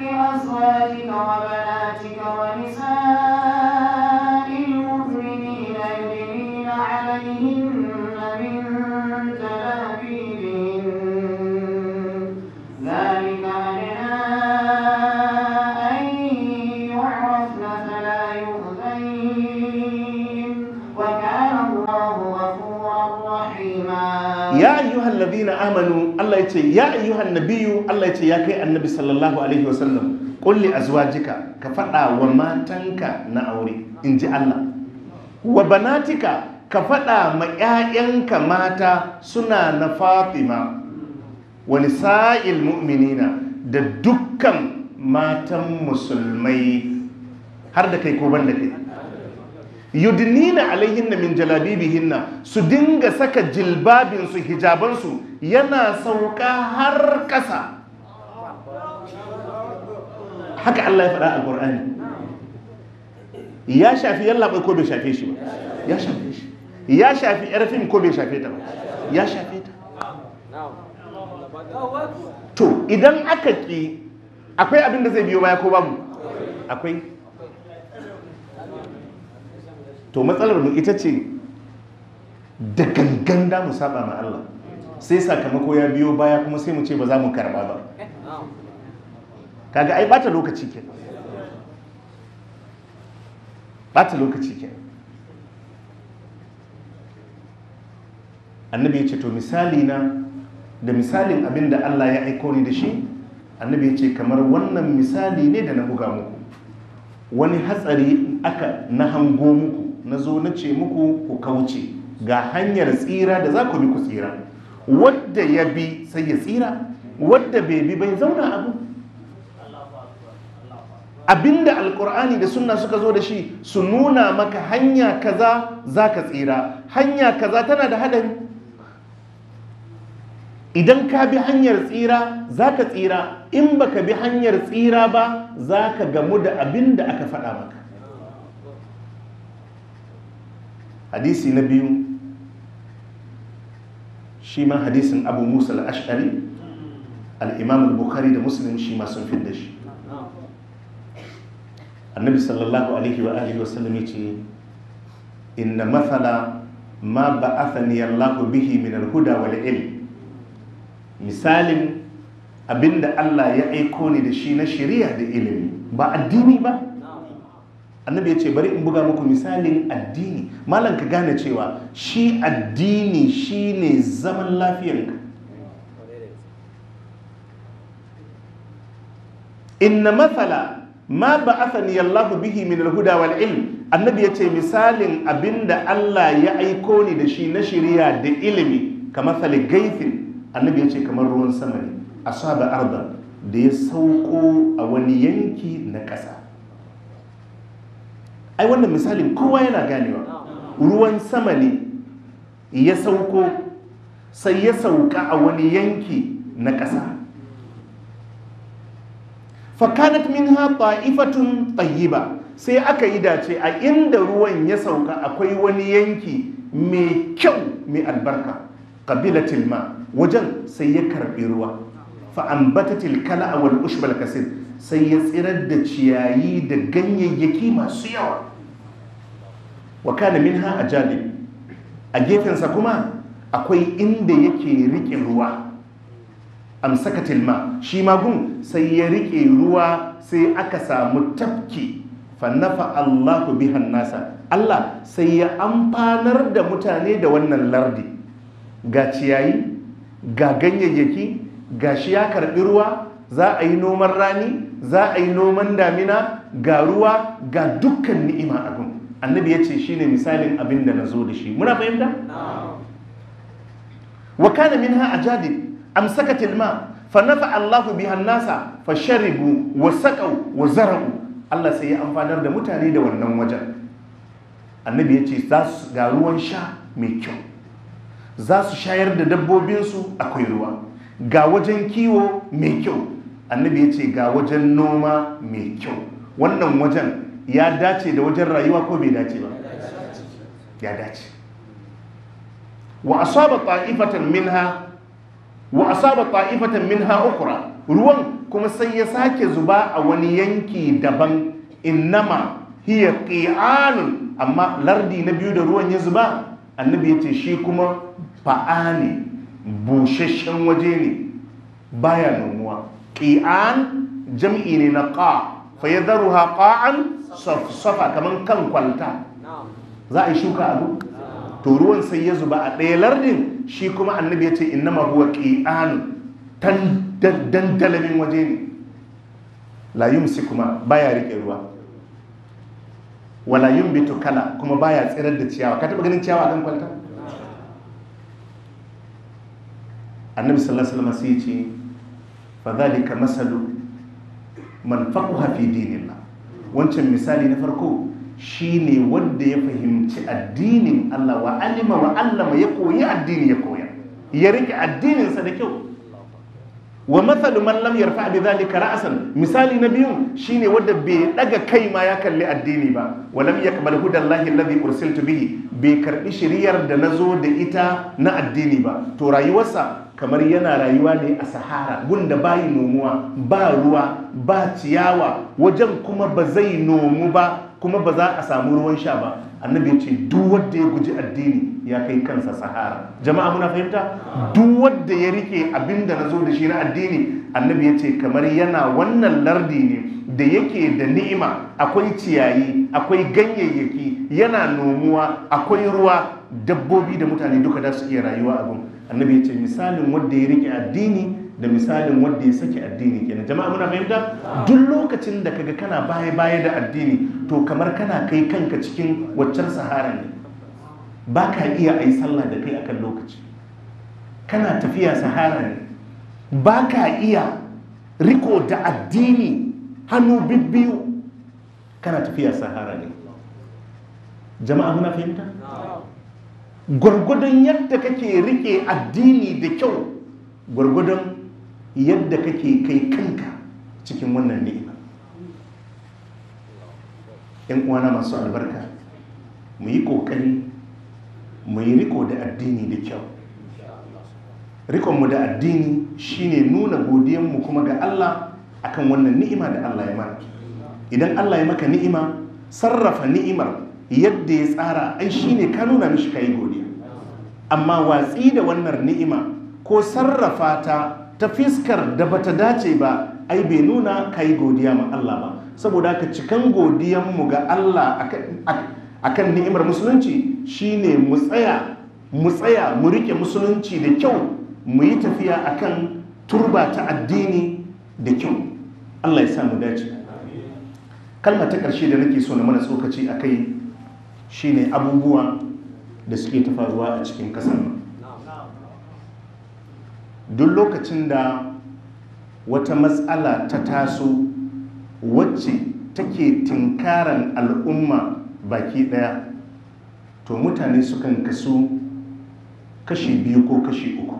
لأزواجك وبناتك ونسائك ayyuhan ladina amanu Allah ya ce ya ayyuhan nabiyu Allah ya ce ya kai annabi sallallahu alaihi wasallam qul li azwajika ka faɗa wa matanka na aure in ji Allah wa banatika ka faɗa ma 'ya'yanka mata suna na Fatima wa nisa'il mu'minina da dukkan matan musulmai har da kai ko ban da kai yudnina alaihinna min jalabibihinna su dinga saka jilbabinsu hijabansu yana sauka har ƙasa haka Allah ya faɗa a ƙorani ya shafi ɓai ko bai shafe shi ba ya shafe shi ya shafi yar fim ko bai shafe ta ba ya shafe ta to idan aka ƙi akwai abin da zai biyo baya ko babu akwai to matsalar mu ita ce da gangan da mu saba ma Allah sai sakamako ya biyo baya kuma sai mu ce ba za mu karba ba kaga ai bata lokaci ke bata lokaci ke annabi ya ce to misali na da misalin abin da Allah ya aiko ni da shi annabi ya ce kamar wannan misali ne da na buga muku wani hatsari aka na hango muku na zo na ce muku ku kauce ga hanyar tsira da za ku bi ku tsira wadda ya bi sai ya tsira wadda bai bi bai zauna abu abinda alkur'ani da suna suka zo da shi su nuna maka hanya kaza za ka tsira hanya kaza tana da haɗari idan ka bi hanyar tsira za ka tsira in baka bi hanyar tsira ba za ka gamu da abinda aka faɗa maka hadisi na biyu shi ma hadisin abu musa al'ashari al'imam al-bukhari da musulun shi ma sun fi da shi annabi sallallahu alaihi wa alihi wasallam ya ce inna mafala ma ba'athani allahu bihi min al-huda wal misalin abinda Allah ya aiko ni da shi na shari'a da ilimi ba addini ba annabi ya ce bari in buga muku misalin addini malam ka gane cewa shi addini shi ne zaman lafiyanka inna matsala ma ba Allahu bihi min alhuda wal ilm annabi ya ce misalin abinda Allah ya aiko ni da shi na shirya da ilimi ka matsali gaifin annabi ya ce kamar ruwan sama a saba arda da ya sauko a wani yanki na ƙasa ai wannan misalin kowa yana ganewa ruwan sama ne ya sauko sai ya sauka a wani yanki na ƙasa fakanat min ha ta'ifatun tayyiba sai aka yi dace a inda ruwan ya sauka akwai wani yanki mai kyau mai albarka ƙabilatil ma wajen sai ya karɓi ruwa batatil kala a wani ushbal kasir sai ya tsirar da ciyayi da ganyayyaki masu yawa wa minha a jalib a gefensa kuma akwai inda yake rike ruwa saka tilma shi magun sai ya rike ruwa sai aka samu tafki fannafa allahu bihan nasa allah sai ya amfanar da mutane da wannan lardi ga ciyayi ga ganyayyaki ga shi ya karɓi ruwa za a yi noman rani za a yi noman damina ga ruwa ga dukkan ni'ima a gun annabi ya ce shi ne misalin abin da na zo da shi muna fahimta? wa kana min ha a jadi amsaka tilma fa nafa allahu bihannasa hannasa fa sharibu wa saƙau wa zarabu allah sai ya amfanar da mutane da wannan wajen annabi ya ce ga ruwan sha mai kyau za su shayar da dabbobinsu akwai ruwa ga wajen kiwo mai kyau annabi ya ce ga wajen noma mai kyau wannan wajen ya dace da wajen rayuwa ko bai dace ba ya dace wa asaba ta'ifatan minha wa asaba ta'ifatan minha ukra ruwan kuma sai ya sake zuba a wani yanki daban innama hiya qi'anun amma lardi na biyu da ruwan ya zuba annabi yace shi kuma fa'ani ne waje ne baya nomuwa Ƙi'an jam'i ne na qa fa yadharuha ƙa’an safa kaman kan kwalta za a yi shuka abu to ruwan sai ya zuba a ɗaya lardin shi kuma annabi ya ce innama ƙi'an qi'an dandalamin waje ne la yumsi kuma baya riƙe ruwa wala yumbitu kala kuma baya tsirar da ciyawa ka taɓa ganin ciyawa kan kwalta annabi sallallahu alaihi wasallam sai ya ce fa masalu man faqaha fi wancan misali na farko shine wanda ya fahimci addinin Allah wa alima wa allama ya koyi addini ya koya ya rike addininsa da kyau wa mathalu man lam yarfa bi dhalika ra'san misali na biyu shine wanda bai daga kai ma ya kalli addini ba wa lam yaqbal hudallahi alladhi ursiltu bihi bai karbi shiriyar da nazo da ita na addini ba to rayuwarsa kamar yana rayuwa ne a sahara gunda ba yi nomuwa ba ruwa ba ciyawa wajen kuma ba zai nomu ba kuma ba za a samu ruwan sha ba annabi ce duk wanda ya guji addini ya kai kansa sahara jama'a muna fahimta duk wanda ya rike abin da na zo da shi na addini annabi ya ce kamar yana wannan lardi ne da yake da ni'ima akwai ciyayi akwai ganyayyaki yana nomuwa akwai ruwa dabbobi da mutane duka da su iya rayuwa abin annabi ya ce misalin wanda ya rike addini da misalin wanda ya sake addini kenan jama'a muna fahimta duk lokacin da kaga kana baya baya da addini to kamar kana kai kanka cikin waccan sahara ne ba ka iya ai sallah da kai akan lokaci kana tafiya sahara ne ba ka iya riko da addini hannu bibbiyu kana tafiya sahara ne jama'a muna fahimta gwargwadon yadda kake rike addini da kyau gwargwadon yadda kake kai kanka cikin wannan ni'ima yan uwana masu albarka mu yi ƙoƙari, mu yi riko da addini da kyau rikonmu da addini shine nuna godiyanmu kuma ga Allah akan wannan ni'ima da Allah ya mara idan Allah ya maka ni'ima sarrafa ni'imar yadda ya tsara ai shine ka nuna mishi kai godiya amma watsi da wannan ni'ima ko sarrafa ta ta fiskar da bata dace ba ai bai nuna ka yi godiya ma Allah ba saboda ka cikan godiyanmu ga Allah akan ni'imar musulunci shine mu tsaya mu tsaya mu rike musulunci da kyau mu yi tafiya akan turba ta addini da kyau Allah ya sa mu dace kalma ta ƙarshe da nake so na mana tsokaci a kai shine abubuwa da suke tafaruwa a cikin ƙasar duk lokacin da wata matsala ta taso wacce take tinkaran al'umma baki daya to mutane sukan kasu kashi biyu ko kashi uku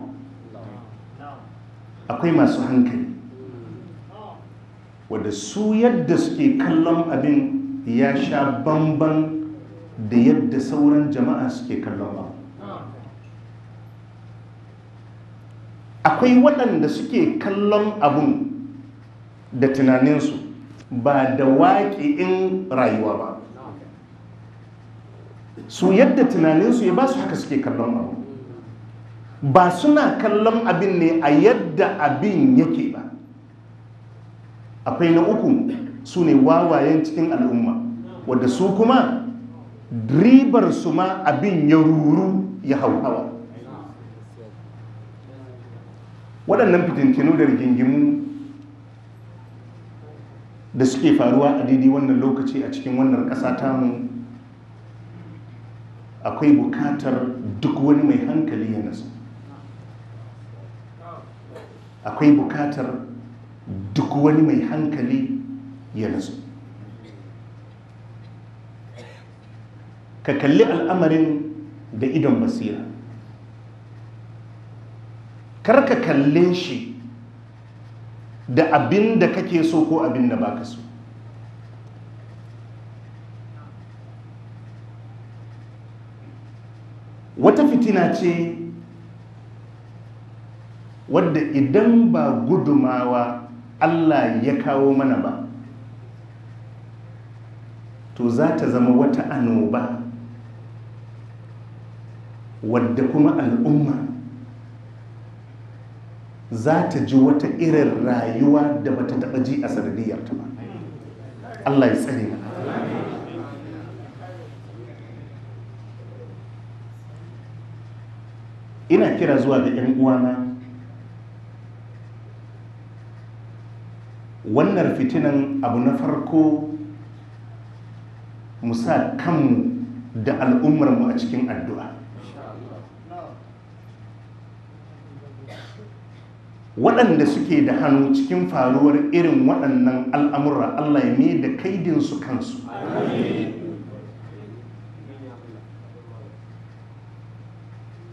akwai masu hankali wadda su yadda suke kallon abin ya sha bamban da yadda sauran jama'a suke kallon abu akwai waɗanda suke kallon abun da tunaninsu ba da in rayuwa ba su yadda tunaninsu ya ba su haka suke kallon abu ba suna kallon abin ne a yadda abin yake ba akwai na uku su ne wawayen cikin al'umma wadda su kuma ribar su ma abin ya ruru ya hauhawa waɗannan fitintinu da rigingimu da suke faruwa a daidai wannan lokaci a cikin wannan ƙasa tamu akwai bukatar duk wani mai hankali ya nasu akwai bukatar duk wani mai hankali ya nasu ka kalli al'amarin da idon basira karka kalle shi da abin da kake so ko abin da baka so wata fitina ce wadda idan ba gudumawa Allah ya kawo mana ba to za ta zama wata annoba wadda kuma al'umma za ta ji wata irin rayuwa da bata taɓa ji a sanadiyar ta ba Allah ya tsare mana ina kira zuwa ga 'yan uwana wannan fitinan abu na farko musa kanmu da al'ummarmu a cikin addu'a waɗanda suke da hannu cikin faruwar irin waɗannan al'amura Allah ya mai da kaidinsu kansu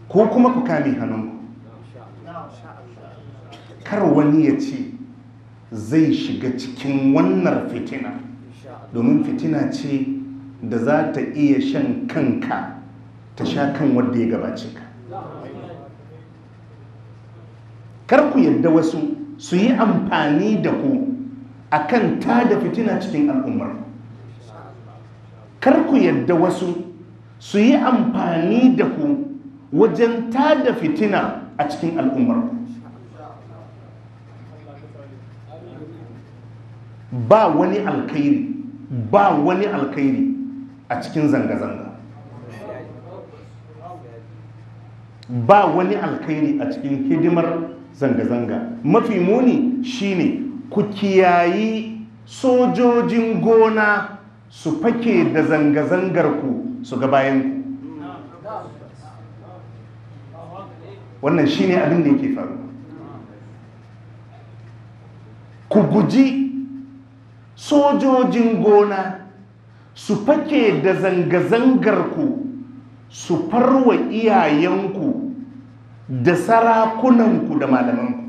ko kuma ku kame hannunku kar wani ya ce zai shiga cikin wannan fitina domin fitina ce da za ta iya shan kanka ta sha kan wadda ya gabace ka kar ku yarda wasu su yi amfani da ku akan ta da fitina cikin al'ummar kar ku yarda wasu su yi amfani da ku wajen ta da fitina a cikin al'ummar ba wani alkairi ba wani alkairi a cikin zanga-zanga ba wani alkhairi a cikin hidimar zanga-zanga mafi muni shine ku kiyayi sojojin gona su fake da zanga-zangar ku su ga bayan ku wannan shine abin da yake faru ku guji sojojin gona su fake da zanga-zangar ku su farwa iyayenku da sarakunanku da malamanku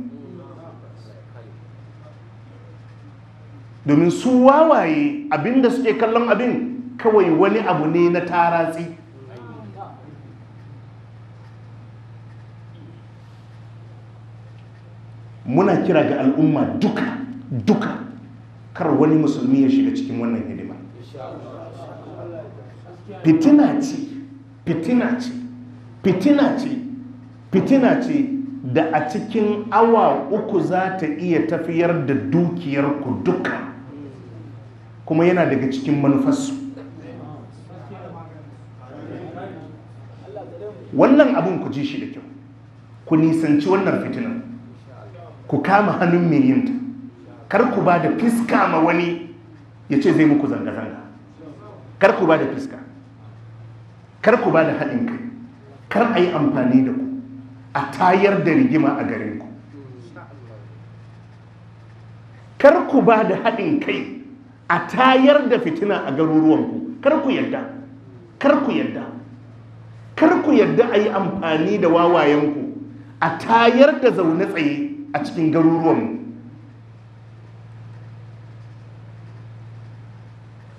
domin su wawaye abinda suke kallon abin kawai wani abu ne na taratsi muna kira ga al'umma duka duka kar wani musulmi ya shiga cikin wannan hidima fitina ce fitina ce fitina ce fitina ce da a cikin awa uku za ta iya tafiyar da dukiyarku duka kuma yana daga cikin manufarsu wannan abin ku ji shi da kyau ku nisanci wannan fitinan ku kama hannun mai yinta kar ku ba da fiska ma wani ya ce zai muku zanga-zanga kar ku ba da fiska kar ku ba da haɗin kai kar a yi amfani da ku a tayar da rigima a garinku kar ku ba da haɗin kai a tayar da fitina a garuruwanku kar yadda kar ku yadda kar ku yadda a yi amfani da wawayenku a tayar da zaune tsaye a cikin garuruwanmu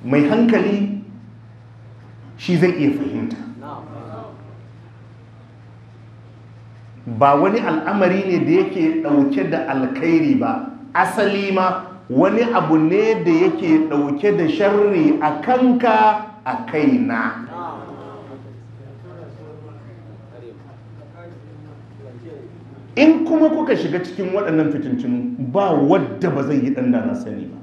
mai hankali shi zai iya fahimta ba wani al'amari ne da yake ɗauke da alkhairi ba asali ma wani abu ne da yake ɗauke da sharri a kanka a kai na. in kuma kuka shiga cikin waɗannan fitincin ba wadda ba zai yi ɗanda na sani ba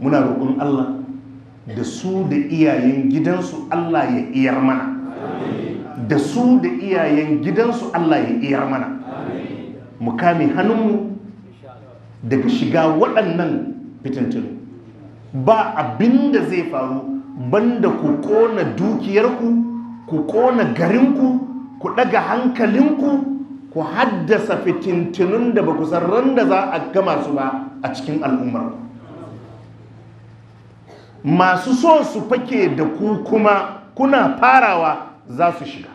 muna roƙon Allah da su da iyayen gidansu Allah ya iyar mana da su da iyayen gidansu Allah ya iyar mana mu kame hannunmu daga shiga waɗannan fitintunu ba abin da zai faru banda ku ƙona dukiyarku ku ƙona garinku ku ɗaga hankalinku ku haddasa fitintunun da ba ku san ran da za a gama su ba a cikin al'ummarku. masu so su fake da ku kuma kuna farawa za su shiga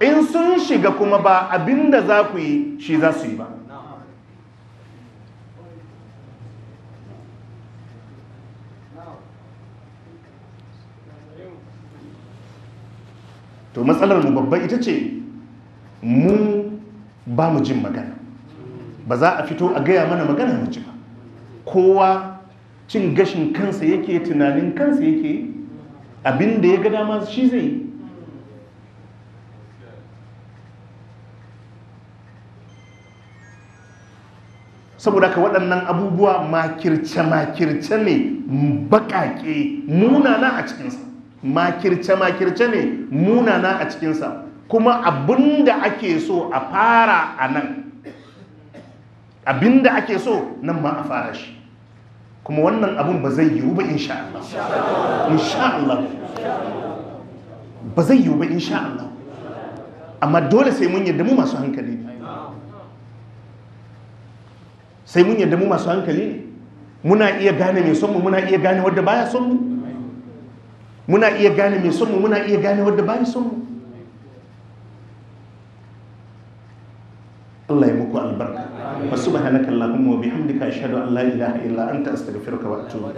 in sun shiga kuma ba abinda za ku yi shi za su yi ba to matsalar mu babba ita ce mu ba mu jin magana ba za a fito a gaya mana magana mu ji ba kowa cin gashin kansa yake tunanin kansa yake abin da ya ga dama shi zai saboda ka waɗannan abubuwa makirce-makirce ne baƙaƙe munana a cikinsa makirce-makirce ne munana a cikinsa kuma abin da ake so a fara a nan abin ake so nan ma a fara shi kuma wannan abun ba zai yiwu ba insha'Allah. Allah ba zai yiwu ba insha'Allah. amma dole sai mun yadda mu masu hankali ne sai mun yadda mu masu hankali ne muna iya gane mai son mu muna iya gane wadda baya son mu muna iya gane mai son mu muna iya gane wadda baya son mu Allah ya muku albarka wa subhanaka allahumma wa bihamdika ashhadu an la ilaha illa anta astaghfiruka wa atubu